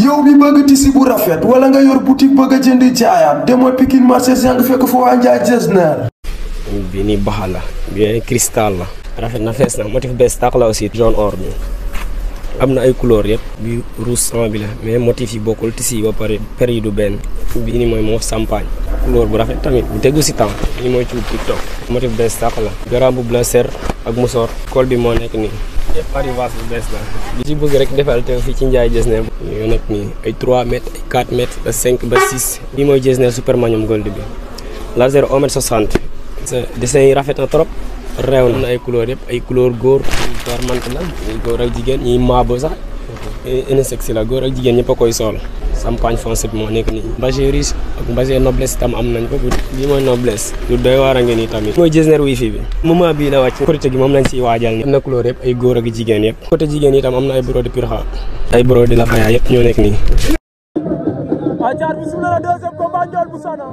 yow bi bëgg tisi bu rafet wala nga yor boutique bëgg a jënd jaayaat demo Pikine marché yaa ngi fekk fo waa Njaay Jesner. bi ni baxa bi ay cristal la. rafet na fess na motif bes tak la aussi jaune or bi amna ay couleur yépp bi rouge sang bi la mais motif yi bokul tisi ba paré per du ben bi ni moy mo champagne couleur bu rafet tamit bu tegu ci temps ni moy ci tiktok motif bes tak la. bu blazer ak musor col bi mo nek ni pari vache bees la. li ci bëgg rek defal teew fii ci Ndiaye Disney. yooyu nag nii ay 3 mètres ay 4 mètres ba 5 ba 6. lii mooy Disney super magnum gold bi. laser 1 mètre 60. sa dessin yi rafet na trop. reew na ay couleur yëpp ay couleur góor. ñuy door mant la ñuy góor ak jigéen ñuy maabo sax. unisex eh, la góor ak jigen ñepp sol campagne foncé bi moo nekk nii mbagé riche ak mbagé noblesse tam am nañ ko lii moy noblesse du doy ni tamit moy jesner wifi bi moment bi la wàcc côté gi mom lañ ci wajal ni am na couleur yëpp ay góor ak jigéen yëpp côté jigen yi tam am na ay brode pirxa ay brode la faya yëpp ñoo nek ni ajar bi la deuxième combat bu sana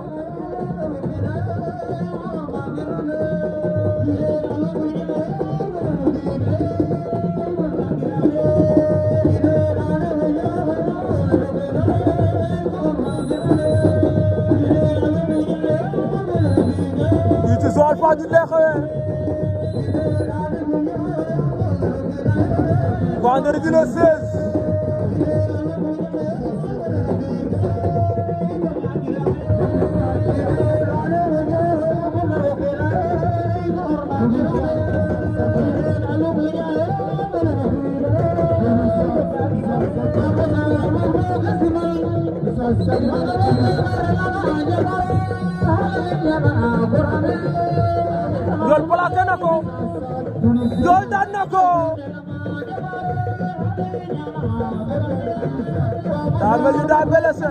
عبد الله خويا وعنده رجله السيس Thank you. Ndiol plaqué na ko Ndiol daan na ko daa mel ni daa blessé